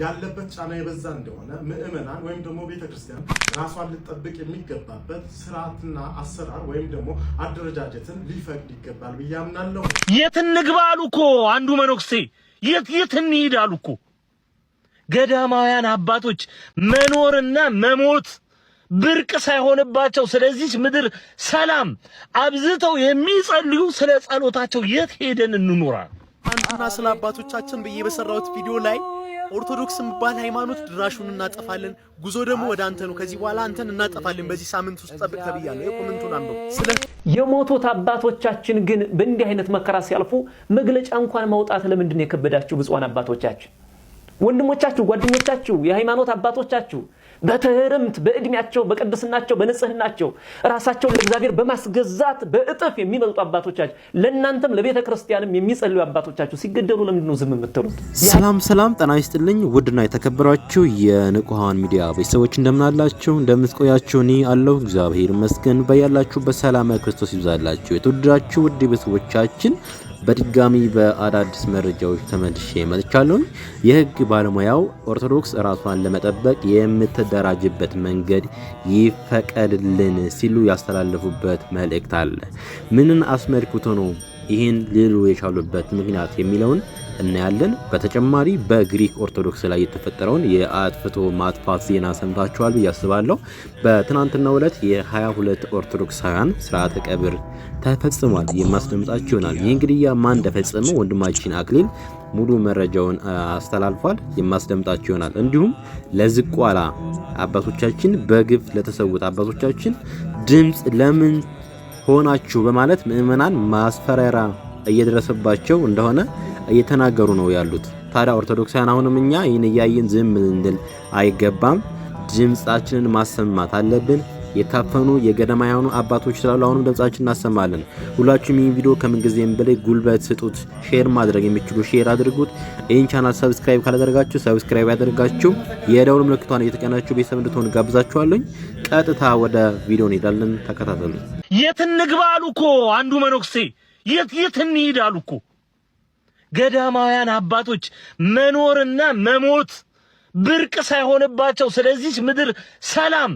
ያለበት ጫና የበዛ እንደሆነ ምዕመናን ወይም ደግሞ ቤተክርስቲያን ራሷን ልጠብቅ የሚገባበት ስርዓትና አሰራር ወይም ደግሞ አደረጃጀትን ሊፈቅድ ይገባል ብዬ አምናለሁ። የት እንግባ አሉ እኮ አንዱ መነኩሴ፣ የት የት እንሂድ አሉ እኮ ገዳማውያን አባቶች መኖርና መሞት ብርቅ ሳይሆንባቸው ስለዚች ምድር ሰላም አብዝተው የሚጸልዩ ስለ ጸሎታቸው የት ሄደን እንኖራ አንዱና ስለ አባቶቻችን ብዬ በሰራሁት ቪዲዮ ላይ ኦርቶዶክስ የሚባል ሃይማኖት ድራሹን እናጠፋለን፣ ጉዞ ደግሞ ወደ አንተ ነው፣ ከዚህ በኋላ አንተን እናጠፋለን፣ በዚህ ሳምንት ውስጥ ጠብቅ ተብያለሁ። የኮመንቱን አንዱ ስለ የሞቱት አባቶቻችን ግን በእንዲህ አይነት መከራ ሲያልፉ መግለጫ እንኳን ማውጣት ለምንድን የከበዳችሁ? ብፁዓን አባቶቻችን፣ ወንድሞቻችሁ፣ ጓደኞቻችሁ፣ የሃይማኖት አባቶቻችሁ በትህርምት በእድሜያቸው በቅድስናቸው በንጽህናቸው ራሳቸውን ለእግዚአብሔር በማስገዛት በእጥፍ የሚበልጡ አባቶቻችሁ ለእናንተም ለቤተ ክርስቲያንም የሚጸልዩ አባቶቻችሁ ሲገደሉ ለምንድን ነው ዝም የምትሉት? ሰላም ሰላም፣ ጤና ይስጥልኝ ውድና የተከበራችሁ የንቁሃን ሚዲያ ቤተሰቦች እንደምናላችሁ፣ እንደምትቆያችሁ እኔ አለሁ እግዚአብሔር ይመስገን። በያላችሁ ሰላም ክርስቶስ ይብዛላችሁ። የተወደዳችሁ ውድ ቤተሰቦቻችን በድጋሚ በአዳዲስ መረጃዎች ተመልሼ መጥቻለሁኝ። የህግ ባለሙያው ኦርቶዶክስ ራሷን ለመጠበቅ የምትደራጅበት መንገድ ይፈቀድልን ሲሉ ያስተላለፉበት መልእክት አለ። ምንን አስመልክቶ ነው ይህን ሊሉ የቻሉበት ምክንያት የሚለውን እናያለን። በተጨማሪ በግሪክ ኦርቶዶክስ ላይ የተፈጠረውን የአጥፍቶ ማጥፋት ዜና ሰምታችኋል ብዬ አስባለሁ። በትናንትናው ዕለት የ22 ኦርቶዶክሳውያን ስርዓተ ቀብር ተፈጽሟል። የማስደምጣችሁ ይሆናል። ይህ እንግዲያ ማን እንደፈጸመው ወንድማችን አክሊል ሙሉ መረጃውን አስተላልፏል። የማስደምጣችሁ ይሆናል። እንዲሁም ለዝቋላ አባቶቻችን በግፍ ለተሰዉት አባቶቻችን ድምፅ ለምን ሆናችሁ በማለት ምእመናን ማስፈራሪያ እየደረሰባቸው እንደሆነ እየተናገሩ ነው ያሉት። ታዲያ ኦርቶዶክሳውያን አሁንም እኛ ይህን እያየን ዝም ልንል አይገባም። ድምፃችንን ማሰማት አለብን። የታፈኑ የገዳማውያኑ አባቶች ስላሉ አሁንም ድምጻችን እናሰማለን። ሁላችሁም ይህን ቪዲዮ ከምንጊዜም በላይ ጉልበት ስጡት። ሼር ማድረግ የሚችሉ ሼር አድርጉት። ይህን ቻናል ሰብስክራይብ ካላደረጋችሁ ሰብስክራይብ ያደርጋችሁ፣ የደውል ምልክቷን እየተቀናችሁ ቤተሰብ እንድትሆን ጋብዛችኋለኝ። ቀጥታ ወደ ቪዲዮ እንሄዳለን። ተከታተሉ። የት እንግባ አሉ እኮ አንዱ መነኩሴ። የት የት እንሂድ አሉ እኮ ገዳማውያን አባቶች መኖርና መሞት ብርቅ ሳይሆንባቸው ስለዚች ምድር ሰላም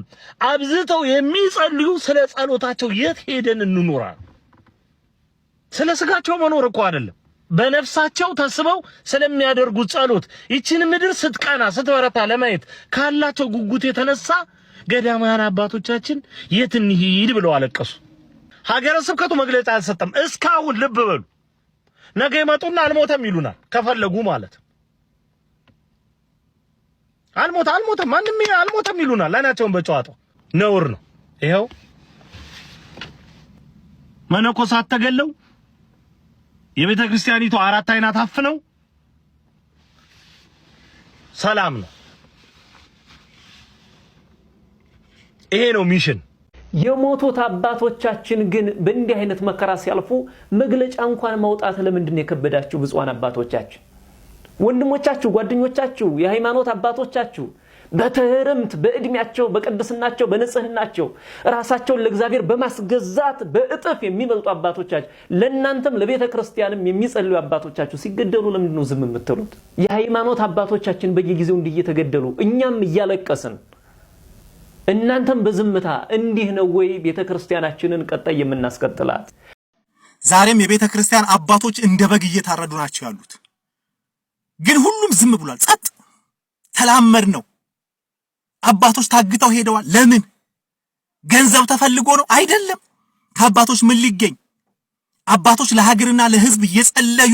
አብዝተው የሚጸልዩ ስለ ጸሎታቸው የት ሄደን እንኖራ? ስለ ስጋቸው መኖር እኮ አይደለም፣ በነፍሳቸው ተስበው ስለሚያደርጉት ጸሎት ይችን ምድር ስትቀና ስትበረታ ለማየት ካላቸው ጉጉት የተነሳ ገዳማውያን አባቶቻችን የት እንሂድ ብለው አለቀሱ። ሀገረ ስብከቱ መግለጫ አልሰጠም። እስካሁን ልብ በሉ። ነገ ይመጡና አልሞተም ይሉናል። ከፈለጉ ማለት አልሞተ አልሞተም ማንም አልሞተም ይሉናል። አይናቸውን በጨዋታው ነውር ነው። ይኸው መነኮሳት ተገለው የቤተ ክርስቲያኒቱ አራት አይናት ነው። ሰላም ነው። ይሄ ነው ሚሽን። የሞቱት አባቶቻችን ግን በእንዲህ አይነት መከራ ሲያልፉ መግለጫ እንኳን ማውጣት ለምንድን የከበዳችሁ? ብፁዓን አባቶቻችን፣ ወንድሞቻችሁ፣ ጓደኞቻችሁ፣ የሃይማኖት አባቶቻችሁ በትህርምት በእድሜያቸው በቅድስናቸው በንጽህናቸው ራሳቸውን ለእግዚአብሔር በማስገዛት በእጥፍ የሚበልጡ አባቶቻችሁ ለእናንተም ለቤተ ክርስቲያንም የሚጸልዩ አባቶቻችሁ ሲገደሉ ለምንድን ነው ዝም የምትሉት? የሃይማኖት አባቶቻችን በየጊዜው እንዲህ እየተገደሉ እኛም እያለቀስን እናንተም በዝምታ እንዲህ ነው ወይ ቤተ ክርስቲያናችንን ቀጣይ የምናስቀጥላት? ዛሬም የቤተ ክርስቲያን አባቶች እንደ በግ እየታረዱ ናቸው ያሉት። ግን ሁሉም ዝም ብሏል። ጸጥ ተላመድ ነው። አባቶች ታግተው ሄደዋል። ለምን ገንዘብ ተፈልጎ ነው አይደለም። ከአባቶች ምን ሊገኝ? አባቶች ለሀገርና ለሕዝብ እየጸለዩ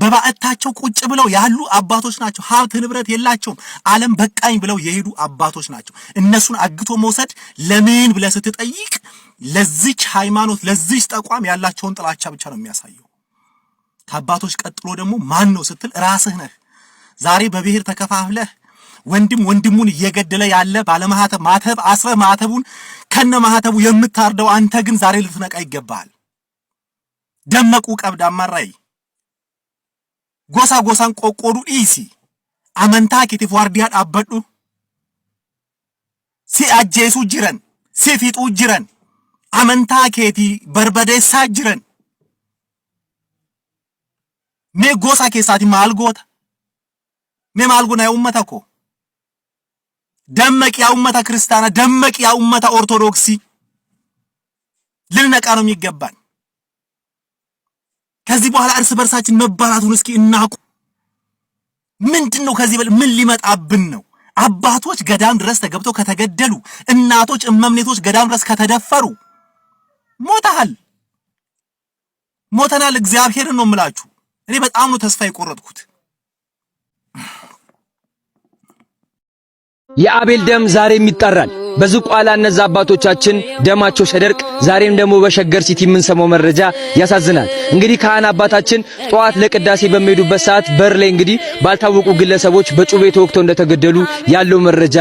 በባዕታቸው ቁጭ ብለው ያሉ አባቶች ናቸው። ሀብት ንብረት የላቸውም። ዓለም በቃኝ ብለው የሄዱ አባቶች ናቸው። እነሱን አግቶ መውሰድ ለምን ብለህ ስትጠይቅ ለዚች ሃይማኖት፣ ለዚች ተቋም ያላቸውን ጥላቻ ብቻ ነው የሚያሳየው። ከአባቶች ቀጥሎ ደግሞ ማን ነው ስትል ራስህ ነህ። ዛሬ በብሔር ተከፋፍለህ ወንድም ወንድሙን እየገደለ ያለ ባለማህተብ ማተብ አስረ ማተቡን ከነ ማህተቡ የምታርደው አንተ ግን ዛሬ ልትነቃ ይገባሃል። ደመቁ ቀብድ አማራይ gosa gosan qoqqoodu dhiisi. Amantaa keetiif waardiyaa dhaabbadhu. Si ajjeesuu jiran, si fixuu jiran, amantaa keetii barbadeessaa jiran. Mee gosa keessaati maal goota? Mee maal gona yaa ummata ko? Dammaqi yaa ummata kiristaana, dammaqi yaa ummata ortodoksii. ልንነቃ ነው የሚገባን። ከዚህ በኋላ እርስ በርሳችን መባላቱን እስኪ እናቁ። ምንድን ነው? ከዚህ በል ምን ሊመጣብን ነው? አባቶች ገዳም ድረስ ተገብተው ከተገደሉ፣ እናቶች እመምኔቶች ገዳም ድረስ ከተደፈሩ፣ ሞተሃል፣ ሞተናል። እግዚአብሔርን ነው የምላችሁ። እኔ በጣም ነው ተስፋ የቆረጥኩት። የአቤል ደም ዛሬም ይጠራል። በዝቋላ እነዛ አባቶቻችን ደማቸው ሸደርቅ። ዛሬም ደግሞ በሸገር ሲቲ የምንሰማው መረጃ ያሳዝናል። እንግዲህ ካህን አባታችን ጠዋት ለቅዳሴ በሚሄዱበት ሰዓት በር ላይ እንግዲህ ባልታወቁ ግለሰቦች በጩቤ ተወግተው እንደተገደሉ ያለው መረጃ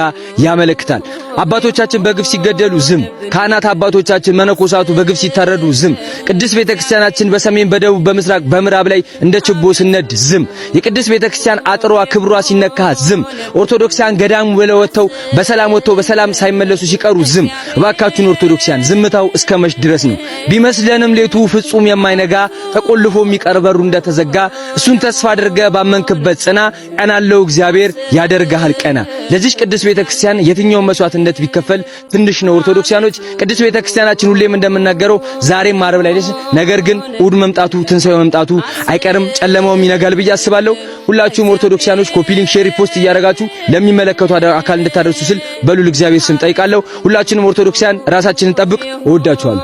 ያመለክታል። አባቶቻችን በግፍ ሲገደሉ ዝም፣ ካህናት አባቶቻችን መነኮሳቱ በግፍ ሲታረዱ ዝም፣ ቅድስት ቤተክርስቲያናችን በሰሜን በደቡብ በምስራቅ በምዕራብ ላይ እንደ ችቦ ስነድ ዝም፣ የቅድስት ቤተክርስቲያን አጥሯ ክብሯ ሲነካ ዝም፣ ኦርቶዶክሳን ገዳም ብለው ብለው ወጥተው በሰላም ወጥተው በሰላም ሳይመለሱ ሲቀሩ ዝም። እባካችሁን ኦርቶዶክሲያን ዝምታው እስከ መሽ ድረስ ነው። ቢመስለንም ሌቱ ፍጹም የማይነጋ ተቆልፎ የሚቀር በሩ እንደተዘጋ እሱን ተስፋ አድርገ ባመንክበት ጽና። ቀናለው እግዚአብሔር ያደርግሃል ቀና። ለዚህ ቅዱስ ቤተክርስቲያን የትኛውን መስዋዕትነት ቢከፈል ትንሽ ነው። ኦርቶዶክሲያኖች ቅዱስ ቤተክርስቲያናችን ሁሌም እንደምናገረው ዛሬም ማረብ ላይ ነች። ነገር ግን እሑድ መምጣቱ ትንሳኤው መምጣቱ አይቀርም። ጨለማውም ይነጋል ብዬ አስባለሁ። ሁላችሁም ኦርቶዶክሲያኖች ኮፒ ሊንክ፣ ሼር፣ ሪፖስት እያደረጋችሁ ለሚመለከቱ አካል እንድታደርሱ ስል በሉል እግዚአብሔር ስም ጠይቃለሁ። ሁላችንም ኦርቶዶክሳውያን ራሳችንን ጠብቅ። እወዳችኋለሁ።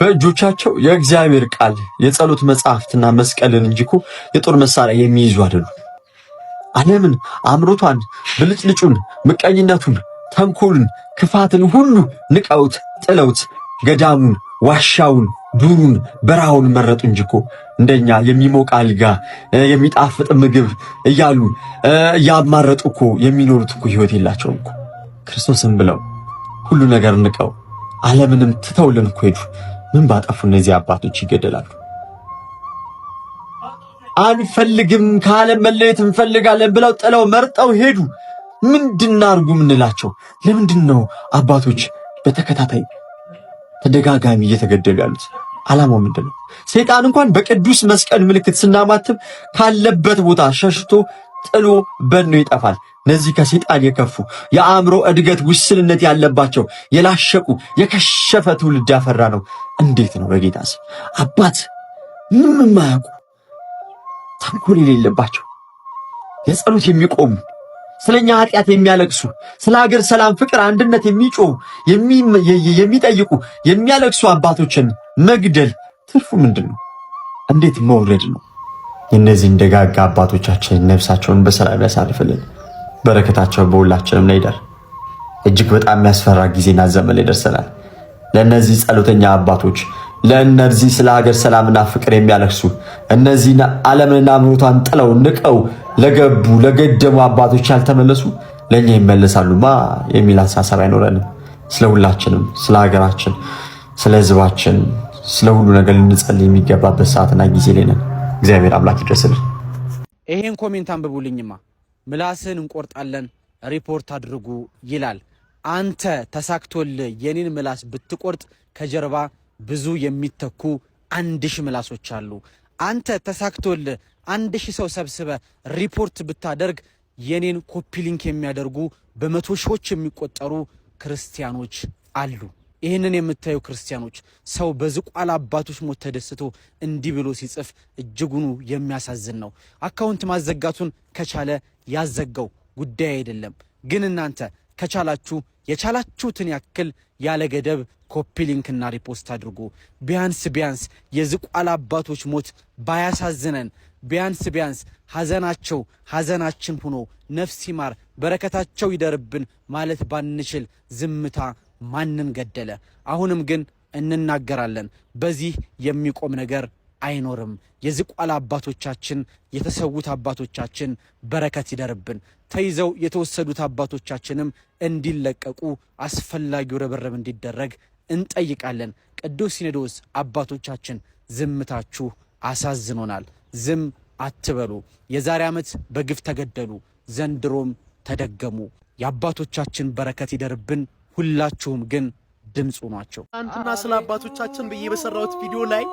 በእጆቻቸው የእግዚአብሔር ቃል የጸሎት መጽሐፍትና መስቀልን እንጂ እኮ የጦር መሳሪያ የሚይዙ አይደሉ ዓለምን አምሮቷን፣ ብልጭልጩን፣ ምቀኝነቱን፣ ተንኮልን፣ ክፋትን ሁሉ ንቀውት ጥለውት ገዳሙን፣ ዋሻውን ዱሩን በረሃውን መረጡ እንጂ እኮ እንደኛ የሚሞቅ አልጋ የሚጣፍጥ ምግብ እያሉ እያማረጡ እኮ የሚኖሩት እኮ ህይወት የላቸውም እኮ። ክርስቶስን ብለው ሁሉ ነገር ንቀው ዓለምንም ትተውልን እኮ ሄዱ። ምን ባጠፉ እነዚህ አባቶች ይገደላሉ። አንፈልግም ከዓለም መለየት እንፈልጋለን ብለው ጥለው መርጠው ሄዱ። ምንድን አርጉ የምንላቸው? ለምንድን ነው አባቶች በተከታታይ ተደጋጋሚ እየተገደሉ ያሉት ዓላማው ምንድን ነው? ሰይጣን እንኳን በቅዱስ መስቀል ምልክት ስናማትብ ካለበት ቦታ ሸሽቶ ጥሎ በኖ ይጠፋል። እነዚህ ከሰይጣን የከፉ የአእምሮ እድገት ውስንነት ያለባቸው የላሸቁ የከሸፈ ትውልድ ያፈራ ነው። እንዴት ነው በጌታ ስም አባት ምንም የማያውቁ ተንኮል የሌለባቸው የጸሎት የሚቆሙ ስለኛ ኃጢአት የሚያለቅሱ ስለ ሀገር ሰላም፣ ፍቅር፣ አንድነት የሚጮሁ የሚጠይቁ የሚያለቅሱ አባቶችን መግደል ትርፉ ምንድን ነው? እንዴት መውረድ ነው? የእነዚህን ደጋጋ አባቶቻችን ነፍሳቸውን በሰላም ያሳልፍልን። በረከታቸው በሁላችንም ላይ ይደር። እጅግ በጣም የሚያስፈራ ጊዜና ዘመን ላይ ደርሰናል። ለእነዚህ ጸሎተኛ አባቶች ለእነዚህ ስለ ሀገር ሰላምና ፍቅር የሚያለቅሱ እነዚህን ዓለምንና ምሮቷን ጥለው ንቀው ለገቡ ለገደሙ አባቶች ያልተመለሱ ለእኛ ይመለሳሉማ የሚል አሳሰብ አይኖረንም። ስለ ሁላችንም፣ ስለ ሀገራችን፣ ስለ ህዝባችን ስለ ሁሉ ነገር ልንጸል የሚገባበት ሰዓትና ጊዜ ላይ ነን። እግዚአብሔር አምላክ ይድረስልን። ይሄን ኮሜንት አንብቡልኝማ። ምላስን እንቆርጣለን ሪፖርት አድርጉ ይላል። አንተ ተሳክቶል የኔን ምላስ ብትቆርጥ ከጀርባ ብዙ የሚተኩ አንድ ሺህ ምላሶች አሉ። አንተ ተሳክቶል አንድ ሺህ ሰው ሰብስበ ሪፖርት ብታደርግ የኔን ኮፒ ሊንክ የሚያደርጉ በመቶ ሺዎች የሚቆጠሩ ክርስቲያኖች አሉ። ይህንን የምታዩ ክርስቲያኖች ሰው በዝቋላ አባቶች ሞት ተደስቶ እንዲህ ብሎ ሲጽፍ እጅጉኑ የሚያሳዝን ነው። አካውንት ማዘጋቱን ከቻለ ያዘጋው ጉዳይ አይደለም። ግን እናንተ ከቻላችሁ የቻላችሁትን ያክል ያለ ገደብ ኮፒ ሊንክና ሪፖስት አድርጎ ቢያንስ ቢያንስ የዝቋላ አባቶች ሞት ባያሳዝነን ቢያንስ ቢያንስ ሐዘናቸው ሐዘናችን ሆኖ ነፍስ ይማር በረከታቸው ይደርብን ማለት ባንችል ዝምታ ማንን ገደለ? አሁንም ግን እንናገራለን። በዚህ የሚቆም ነገር አይኖርም። የዝቋላ አባቶቻችን የተሰዉት አባቶቻችን በረከት ይደርብን። ተይዘው የተወሰዱት አባቶቻችንም እንዲለቀቁ አስፈላጊው ርብርብ እንዲደረግ እንጠይቃለን። ቅዱስ ሲኖዶስ አባቶቻችን ዝምታችሁ አሳዝኖናል፣ ዝም አትበሉ። የዛሬ ዓመት በግፍ ተገደሉ፣ ዘንድሮም ተደገሙ። የአባቶቻችን በረከት ይደርብን። ሁላችሁም ግን ድምፁ ናቸው። ትናንትና ስለ አባቶቻችን ብዬ በሰራሁት ቪዲዮ ላይ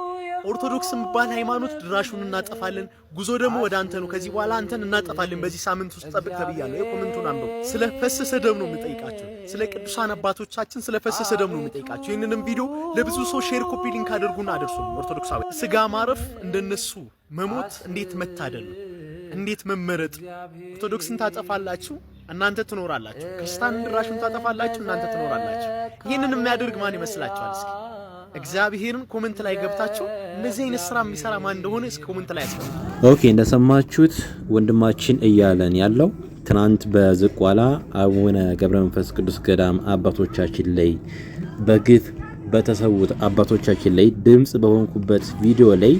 ኦርቶዶክስ የሚባል ሃይማኖት ድራሹን እናጠፋለን፣ ጉዞ ደግሞ ወደ አንተ ነው፣ ከዚህ በኋላ አንተን እናጠፋለን፣ በዚህ ሳምንት ውስጥ ጠብቅ ተብያለሁ። የኮመንቱን አንዱ ስለ ፈሰሰ ደም ነው የምጠይቃቸው፣ ስለ ቅዱሳን አባቶቻችን ስለ ፈሰሰ ደም ነው የምጠይቃቸው። ይህንንም ቪዲዮ ለብዙ ሰው ሼር፣ ኮፒ ሊንክ አድርጉና አደርሱ። ኦርቶዶክሳዊ ስጋ ማረፍ እንደነሱ መሞት እንዴት መታደል፣ እንዴት መመረጥ። ኦርቶዶክስን ታጠፋላችሁ እናንተ ትኖራላችሁ። ክርስታን ድራሹን ታጠፋላችሁ፣ እናንተ ትኖራላችሁ። ይህንን የሚያደርግ ማን ይመስላችኋል? እስኪ እግዚአብሔርን ኮመንት ላይ ገብታችሁ እንደዚህ አይነት ስራ የሚሰራ ማን እንደሆነ እስኪ ኮመንት ላይ ያስቀምጡ። ኦኬ እንደሰማችሁት ወንድማችን እያለን ያለው ትናንት በዝቋላ አቡነ ገብረ መንፈስ ቅዱስ ገዳም አባቶቻችን ላይ በግፍ በተሰዉት አባቶቻችን ላይ ድምፅ በሆንኩበት ቪዲዮ ላይ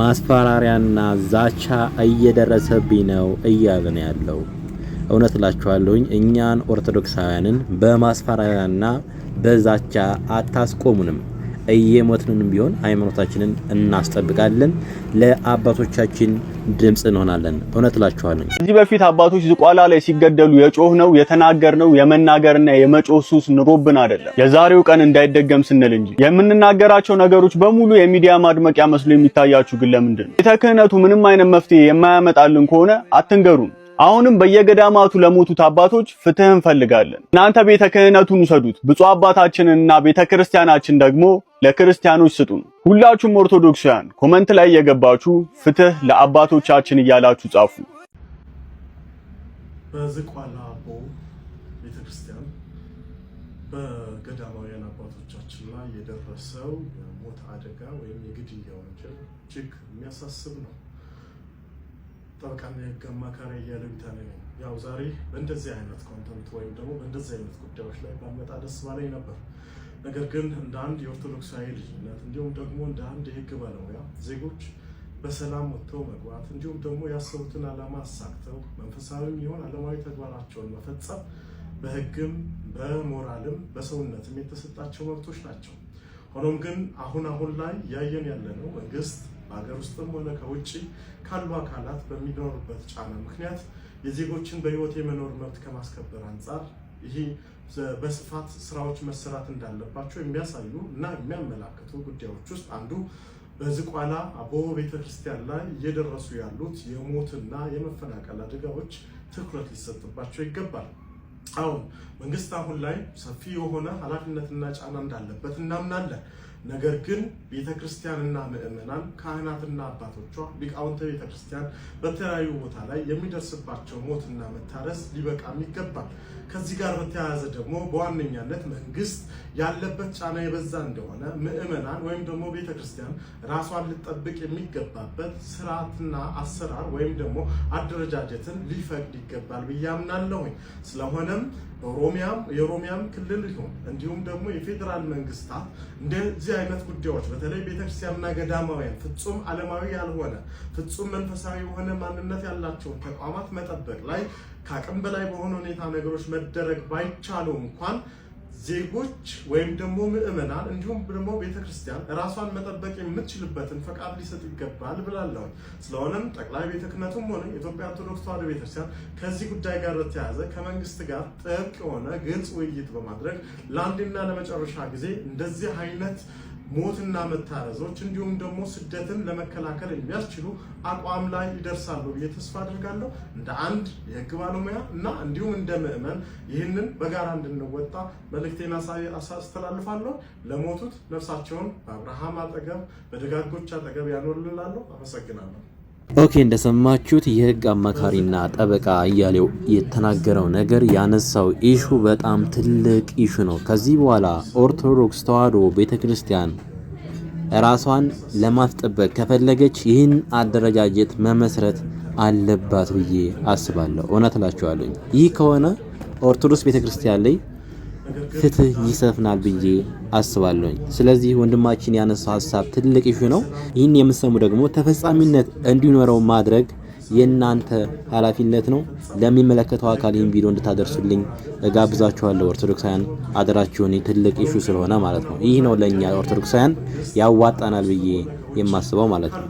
ማስፈራሪያና ዛቻ እየደረሰብኝ ነው እያለን ያለው። እውነት እላችኋለሁኝ እኛን ኦርቶዶክሳውያንን በማስፈራሪያና በዛቻ አታስቆሙንም። እየሞትንንም ቢሆን ሃይማኖታችንን እናስጠብቃለን። ለአባቶቻችን ድምፅ እንሆናለን። እውነት እላችኋለሁ። ከዚህ በፊት አባቶች ዝቋላ ላይ ሲገደሉ የጮህ ነው የተናገር ነው የመናገርና የመጮህ ሱስ ኑሮብን አይደለም፣ የዛሬው ቀን እንዳይደገም ስንል እንጂ። የምንናገራቸው ነገሮች በሙሉ የሚዲያ ማድመቂያ መስሎ የሚታያችሁ ግን ለምንድን ነው? ቤተ ክህነቱ ምንም አይነት መፍትሄ የማያመጣልን ከሆነ አትንገሩን። አሁንም በየገዳማቱ ለሞቱት አባቶች ፍትህ እንፈልጋለን። እናንተ ቤተ ክህነቱን ውሰዱት፣ ብፁ አባታችንንና ቤተ ክርስቲያናችን ደግሞ ለክርስቲያኖች ስጡን። ሁላችሁም ኦርቶዶክሳውያን ኮመንት ላይ የገባችሁ ፍትህ ለአባቶቻችን እያላችሁ ጻፉ። በዝቋላ አቦ ቤተክርስቲያን በገዳማውያን አባቶቻችን ላይ የደረሰው የሞት አደጋ ወይም የግድያ ወንጀል እጅግ የሚያሳስብ ነው። ጠበቃና የህግ አማካሪ እያለ ነው። ያው ዛሬ በእንደዚህ አይነት ኮንተንት ወይም ደግሞ በእንደዚህ አይነት ጉዳዮች ላይ ባመጣ ደስ ባለኝ ነበር። ነገር ግን እንደ አንድ የኦርቶዶክሳዊ ልጅነት እንዲሁም ደግሞ እንደ አንድ የህግ ባለሙያ ዜጎች በሰላም ወጥተው መግባት እንዲሁም ደግሞ ያሰቡትን ዓላማ አሳክተው መንፈሳዊም ይሁን ዓለማዊ ተግባራቸውን መፈጸም በህግም በሞራልም በሰውነትም የተሰጣቸው መብቶች ናቸው። ሆኖም ግን አሁን አሁን ላይ ያየን ያለነው መንግስት በሀገር ውስጥም ሆነ ከውጭ ካሉ አካላት በሚኖሩበት ጫና ምክንያት የዜጎችን በህይወት የመኖር መብት ከማስከበር አንጻር ይህ በስፋት ስራዎች መሰራት እንዳለባቸው የሚያሳዩ እና የሚያመላክቱ ጉዳዮች ውስጥ አንዱ በዝቋላ አቦ ቤተክርስቲያን ላይ እየደረሱ ያሉት የሞትና የመፈናቀል አደጋዎች ትኩረት ሊሰጥባቸው ይገባል። አሁን መንግስት አሁን ላይ ሰፊ የሆነ ኃላፊነትና ጫና እንዳለበት እናምናለን። ነገር ግን ቤተ ክርስቲያንና ምእመናን ካህናትና አባቶቿ ሊቃውንተ ቤተ ክርስቲያን በተለያዩ ቦታ ላይ የሚደርስባቸው ሞትና መታረስ ሊበቃም ይገባል። ከዚህ ጋር በተያያዘ ደግሞ በዋነኛነት መንግስት ያለበት ጫና የበዛ እንደሆነ ምእመናን ወይም ደግሞ ቤተ ክርስቲያን ራሷን ልጠብቅ የሚገባበት ስርዓትና አሰራር ወይም ደግሞ አደረጃጀትን ሊፈቅድ ይገባል ብዬ አምናለሁኝ። ስለሆነም ኦሮሚያም የኦሮሚያም ክልል ሊሆን እንዲሁም ደግሞ የፌዴራል መንግስታት እንደዚህ አይነት ጉዳዮች በተለይ ቤተክርስቲያንና ገዳማውያን ፍጹም ዓለማዊ ያልሆነ ፍጹም መንፈሳዊ የሆነ ማንነት ያላቸውን ተቋማት መጠበቅ ላይ ከአቅም በላይ በሆነ ሁኔታ ነገሮች መደረግ ባይቻሉ እንኳን ዜጎች ወይም ደግሞ ምዕመናን እንዲሁም ደግሞ ቤተክርስቲያን ራሷን መጠበቅ የምትችልበትን ፈቃድ ሊሰጥ ይገባል ብላለሁ። ስለሆነም ጠቅላይ ቤተ ክህነቱም ሆነ የኢትዮጵያ ኦርቶዶክስ ተዋሕዶ ቤተክርስቲያን ከዚህ ጉዳይ ጋር በተያያዘ ከመንግስት ጋር ጥብቅ የሆነ ግልጽ ውይይት በማድረግ ለአንድና ለመጨረሻ ጊዜ እንደዚህ አይነት ሞትና መታረዞች እንዲሁም ደግሞ ስደትን ለመከላከል የሚያስችሉ አቋም ላይ ይደርሳሉ ብዬ ተስፋ አድርጋለሁ። እንደ አንድ የህግ ባለሙያ እና እንዲሁም እንደ ምዕመን ይህንን በጋራ እንድንወጣ መልእክቴን አስተላልፋለሁ። ለሞቱት ነፍሳቸውን በአብርሃም አጠገብ በደጋጎች አጠገብ ያኖርልላለሁ። አመሰግናለሁ። ኦኬ እንደሰማችሁት የህግ አማካሪና ጠበቃ እያሌው የተናገረው ነገር ያነሳው ኢሹ በጣም ትልቅ ኢሹ ነው። ከዚህ በኋላ ኦርቶዶክስ ተዋሕዶ ቤተ ክርስቲያን ራሷን ለማስጠበቅ ከፈለገች ይህን አደረጃጀት መመስረት አለባት ብዬ አስባለሁ። እውነት እላችኋለሁ። ይህ ከሆነ ኦርቶዶክስ ቤተ ክርስቲያን ላይ ፍትህ ይሰፍናል ብዬ አስባለሁኝ። ስለዚህ ወንድማችን ያነሳው ሀሳብ ትልቅ ይሹ ነው። ይህን የምሰሙ ደግሞ ተፈጻሚነት እንዲኖረው ማድረግ የእናንተ ኃላፊነት ነው። ለሚመለከተው አካል ይህን ቪዲዮ እንድታደርሱልኝ እጋብዛችኋለሁ። ኦርቶዶክሳውያን አደራችሁን። ትልቅ ኢሹ ስለሆነ ማለት ነው። ይህ ነው ለእኛ ኦርቶዶክሳውያን ያዋጣናል ብዬ የማስበው ማለት ነው።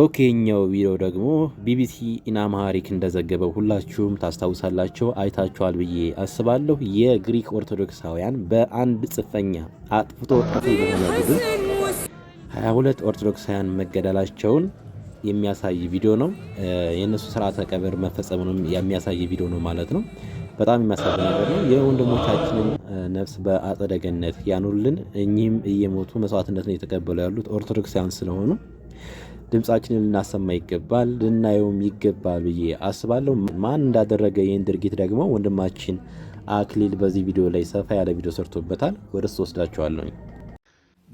ኦኬኛው ቪዲዮ ደግሞ ቢቢሲ ኢናማሪክ እንደዘገበው ሁላችሁም ታስታውሳላቸው አይታችኋል ብዬ አስባለሁ። የግሪክ ኦርቶዶክሳውያን በአንድ ጽንፈኛ አጥፍቶ ጠፊ በሆነ ቡድን 22 ኦርቶዶክሳውያን መገደላቸውን የሚያሳይ ቪዲዮ ነው። የእነሱ ስርዓተ ቀብር መፈጸሙንም የሚያሳይ ቪዲዮ ነው ማለት ነው። በጣም የሚያሳዝን ነገር ነው። የወንድሞቻችንን ነፍስ በአጸደ ገነት ያኑርልን። እኚህም እየሞቱ መስዋዕትነትን እየተቀበሉ ያሉት ኦርቶዶክሳውያን ስለሆኑ ድምፃችንን ልናሰማ ይገባል፣ ልናየውም ይገባል ብዬ አስባለሁ። ማን እንዳደረገ ይህን ድርጊት ደግሞ ወንድማችን አክሊል በዚህ ቪዲዮ ላይ ሰፋ ያለ ቪዲዮ ሰርቶበታል። ወደ ሱ ወስዳቸዋለሁ።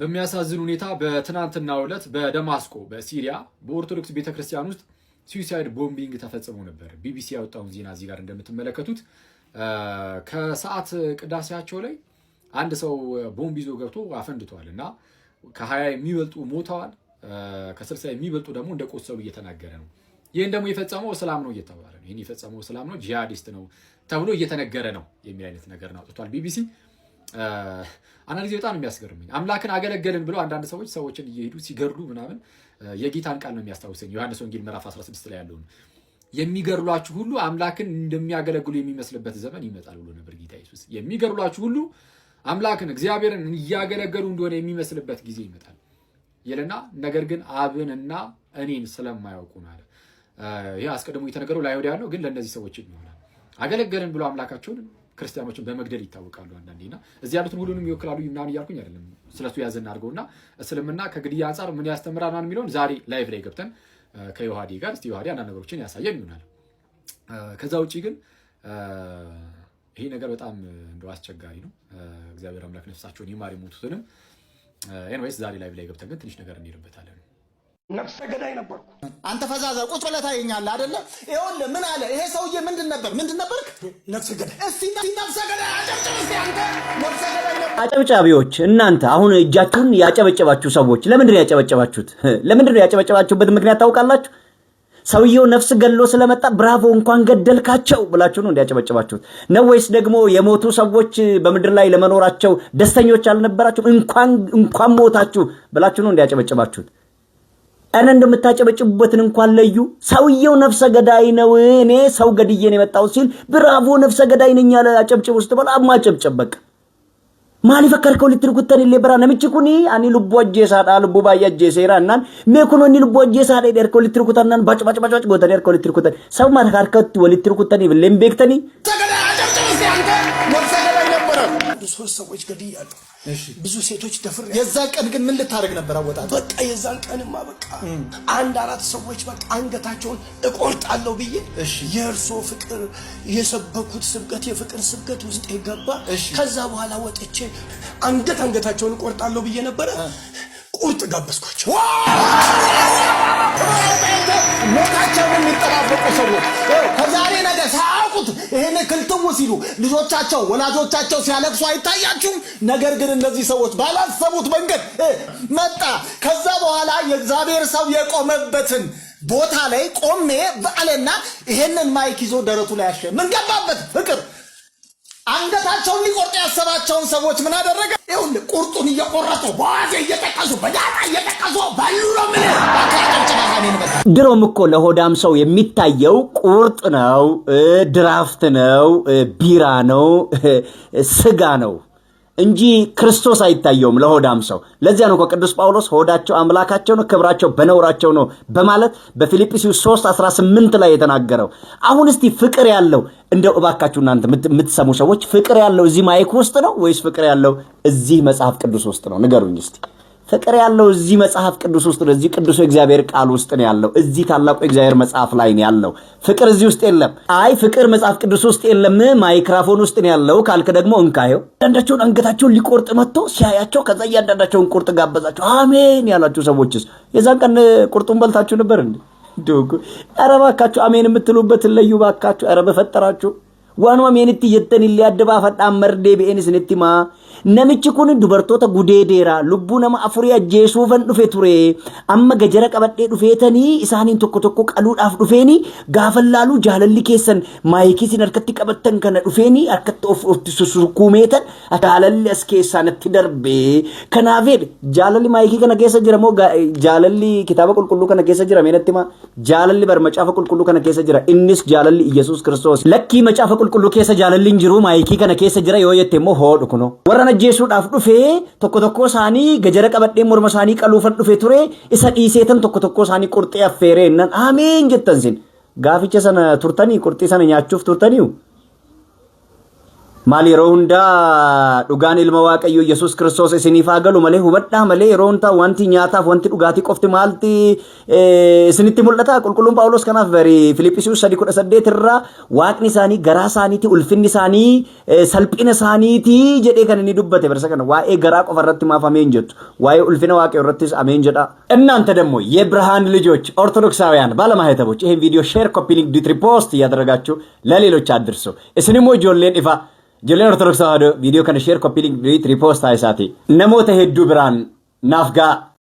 በሚያሳዝን ሁኔታ በትናንትናው ዕለት በደማስቆ በሲሪያ በኦርቶዶክስ ቤተክርስቲያን ውስጥ ሱሳይድ ቦምቢንግ ተፈጽሞ ነበር። ቢቢሲ ያወጣውን ዜና እዚህ ጋር እንደምትመለከቱት ከሰዓት ቅዳሴያቸው ላይ አንድ ሰው ቦምብ ይዞ ገብቶ አፈንድተዋል እና ከሀያ የሚበልጡ ሞተዋል። ከስልሳ የሚበልጡ ደግሞ እንደቆሰሉ እየተናገረ ነው። ይህን ደግሞ የፈጸመው እስላም ነው እየተባለ ነው። ይህን የፈጸመው እስላም ነው ጂሃዲስት ነው ተብሎ እየተነገረ ነው የሚል አይነት ነገር ነው አውጥቷል ቢቢሲ። አንዳንድ በጣም የሚያስገርምኝ አምላክን አገለገልን ብለው አንዳንድ ሰዎች ሰዎችን እየሄዱ ሲገድሉ ምናምን የጌታን ቃል ነው የሚያስታውሰኝ ዮሐንስ ወንጌል ምዕራፍ 16 ላይ ያለውን የሚገድሏችሁ ሁሉ አምላክን እንደሚያገለግሉ የሚመስልበት ዘመን ይመጣል ብሎ ነበር ጌታ ኢየሱስ። የሚገድሏችሁ ሁሉ አምላክን እግዚአብሔርን እያገለገሉ እንደሆነ የሚመስልበት ጊዜ ይመጣል። ይልና ነገር ግን አብንና እኔን ስለማያውቁ አለ። ይህ አስቀድሞ የተነገረው ለአይሁድ ያለው ግን ለእነዚህ ሰዎች ይሆናል። አገለገልን ብሎ አምላካቸውን ክርስቲያኖችን በመግደል ይታወቃሉ። ና እዚህ ያሉትን ሁሉንም ይወክላሉ ምናምን እያልኩኝ አይደለም። ስለሱ ያዘን አድርገውና እስልምና ከግድያ አንጻር ምን ያስተምራል የሚለውን ዛሬ ላይቭ ላይ ገብተን ከዮሐዴ ጋር እስቲ ዮሐዴ አንዳንድ ነገሮችን ያሳየን ይሆናል። ከዛ ውጭ ግን ይሄ ነገር በጣም እንደው አስቸጋሪ ነው። እግዚአብሔር አምላክ ነፍሳቸውን ይማር የሞቱትንም ኤንዌይስ ዛሬ ላይ ላይ ገብተን ግን ትንሽ ነገር እንሄድበታለን። ነፍሰ ገዳይ ነበርኩ። አንተ ፈዛዛ ቁጭ ብለህ ታየኛለህ አይደለ? ይኸውልህ ምን አለ ይሄ ሰውዬ? ምንድን ነበር ምንድን ነበርክ? ነፍሰ ገዳይ። እስቲ ነፍሰ ገዳይ አጨብጭብ እስቲ አንተ ነፍሰ ገዳይ ነበር። አጨብጫቢዎች እናንተ አሁን እጃችሁን ያጨበጨባችሁ ሰዎች ለምንድን ነው ያጨበጨባችሁት? ለምንድን ነው ያጨበጨባችሁበት ምክንያት ታውቃላችሁ? ሰውየው ነፍስ ገሎ ስለመጣ ብራቮ እንኳን ገደልካቸው ብላችሁ ነው እንዲያጨበጭባችሁት ነው ወይስ ደግሞ የሞቱ ሰዎች በምድር ላይ ለመኖራቸው ደስተኞች አልነበራችሁ እንኳን ሞታችሁ ብላችሁ ነው እንዲያጨበጭባችሁት። እኔ እንደምታጨበጭቡበትን እንኳን ለዩ። ሰውየው ነፍሰ ገዳይ ነው፣ እኔ ሰው ገድዬ የመጣው ሲል ብራቮ ነፍሰ ገዳይ ነኝ ያለ አጨብጭብ ውስጥ በላ አማጨብጨብ በቃ maaliif akka harka walitti illee bara namichi kuni ani lubbuu ajjeesaadha lubbuu baay'ee ajjeeseera annaan mee kun inni lubbuu ajjeesaadha jedhee harka walitti rukutan rukutannaan baca baca baca gootanii harka walitti rukutan sababa sabuma harka walitti rukutanii illee hin beektanii ሰዎች ገድያለሁ ብዙ ሴቶች ደፍር። የዛን ቀን ግን ምን ልታደርግ ነበር? አወጣት በቃ የዛን ቀንማ በቃ አንድ አራት ሰዎች በቃ አንገታቸውን እቆርጣለሁ ብዬ የእርሶ ፍቅር የሰበኩት ስብከት የፍቅር ስብከት ውስጥ የገባ ከዛ በኋላ ወጥቼ አንገት አንገታቸውን እቆርጣለሁ ብዬ ነበረ። ቁርጥ ጋበዝኳቸው። ሞታቸውን የሚጠባበቁ ሰዎች ከዛሬ ሳያውቁት ይሄን ክልትው ሲሉ ልጆቻቸው ወላጆቻቸው ሲያለቅሱ አይታያችሁም? ነገር ግን እነዚህ ሰዎች ባላሰቡት መንገድ መጣ። ከዛ በኋላ የእግዚአብሔር ሰው የቆመበትን ቦታ ላይ ቆሜ በአለና ይሄንን ማይክ ይዞ ደረቱ ላይ ያሸ ምን ገባበት ፍቅር አንገታቸውን ሊቆርጡ ያሰባቸውን ሰዎች ምን አደረገ? ይሁን ቁርጡን እየቆረጡ በዋዜ እየጠቀሱ በዳጣ እየጠቀሱ በሉ ነው። ምን ድሮም እኮ ለሆዳም ሰው የሚታየው ቁርጥ ነው፣ ድራፍት ነው፣ ቢራ ነው፣ ስጋ ነው። እንጂ ክርስቶስ አይታየውም ለሆዳም ሰው። ለዚያ ነው ቅዱስ ጳውሎስ ሆዳቸው አምላካቸው ነው፣ ክብራቸው በነውራቸው ነው በማለት በፊልጵስዩስ 3 18 ላይ የተናገረው። አሁን እስቲ ፍቅር ያለው እንደው እባካችሁ እናንተ የምትሰሙ ሰዎች ፍቅር ያለው እዚህ ማይክ ውስጥ ነው ወይስ ፍቅር ያለው እዚህ መጽሐፍ ቅዱስ ውስጥ ነው? ንገሩኝ እስቲ። ፍቅር ያለው እዚህ መጽሐፍ ቅዱስ ውስጥ ነው። እዚህ ቅዱስ እግዚአብሔር ቃል ውስጥ ነው ያለው። እዚህ ታላቁ እግዚአብሔር መጽሐፍ ላይ ነው ያለው። ፍቅር እዚህ ውስጥ የለም። አይ ፍቅር መጽሐፍ ቅዱስ ውስጥ የለም፣ ማይክራፎን ውስጥ ነው ያለው ካልክ ደግሞ እንካየው። አንዳንዳቸውን አንገታቸውን ሊቆርጥ መጥቶ ሲያያቸው፣ ከዛ እያንዳንዳቸውን ቁርጥ ጋበዛቸው። አሜን ያላችሁ ሰዎችስ የዛን ቀን ቁርጡን በልታችሁ ነበር እንዴ? ኧረ እባካችሁ አሜን የምትሉበት ለዩ። እባካችሁ ኧረ በፈጠራችሁ waan waameeniti jettanillee adda baafaadhaan mardee ba'eenis nitti himaa. Namichi kun dubartoota gudee deera lubbuu nama afurii ajjeesuufan dhufe ture amma gajara qabadhee dhufeetanii isaaniin tokko tokko qaluudhaaf dhufeeni gaafa laaluu jaalalli keessan maayikiisin harkatti qabattan kana dhufeeni harkatti of ofti sussukuumeetan jaalalli as keessaa natti darbee kanaafedha jaalalli maayikii kana keessa jira moo jaalalli kitaaba qulqulluu kana keessa jira meenatti ma jaalalli barmacaafa qulqulluu kana keessa jira innis jaalalli Iyyasuus Kiristoos lakkii macaafa qulqulluu keessa jaalalliin jiru maayikii kana keessa jira yoo jette immoo hoodhu kuno. Warra ajjeesuudhaaf dhufee tokko tokko isaanii gajara qabadhee morma isaanii qaluufan dhufe ture isa dhiiseetan tokko tokko isaanii qurxee affeeree innan ameen jettan gaaficha sana turtanii qurxii sana nyaachuuf turtaniiru. maal yeroo hundaa dhugaan ilma waaqayyo yesus kiristoos isiniif haa galu malee hubadhaa malee yeroo hundaa wanti nyaataaf wanti dhugaatii qofti maalti isinitti mul'ata qulqulluun paawulos kanaaf bari filiphisius sadi kudha saddeet irraa waaqni isaanii garaa isaaniiti ulfinni isaanii salphina isaaniiti jedhee kan inni dubbate barsa kana waa'ee garaa qofa irratti maaf ameen jettu waa'ee ulfina waaqayyo irrattis ameen jedha እናንተ ደግሞ የብርሃን ልጆች ኦርቶዶክሳውያን ባለማህተቦች ይህን ቪዲዮ ሼር ኮፒ ሊንክ ዲትሪ ፖስት እያደረጋችሁ ለሌሎች አድርሱ እስንም ወጆሌን ይፋ Ijoolleen Ortodoksii Tawaahidoo viidiyoo kana sheer koppii linkii ripoostaa isaati. Namoota hedduu biraan naaf ga'a.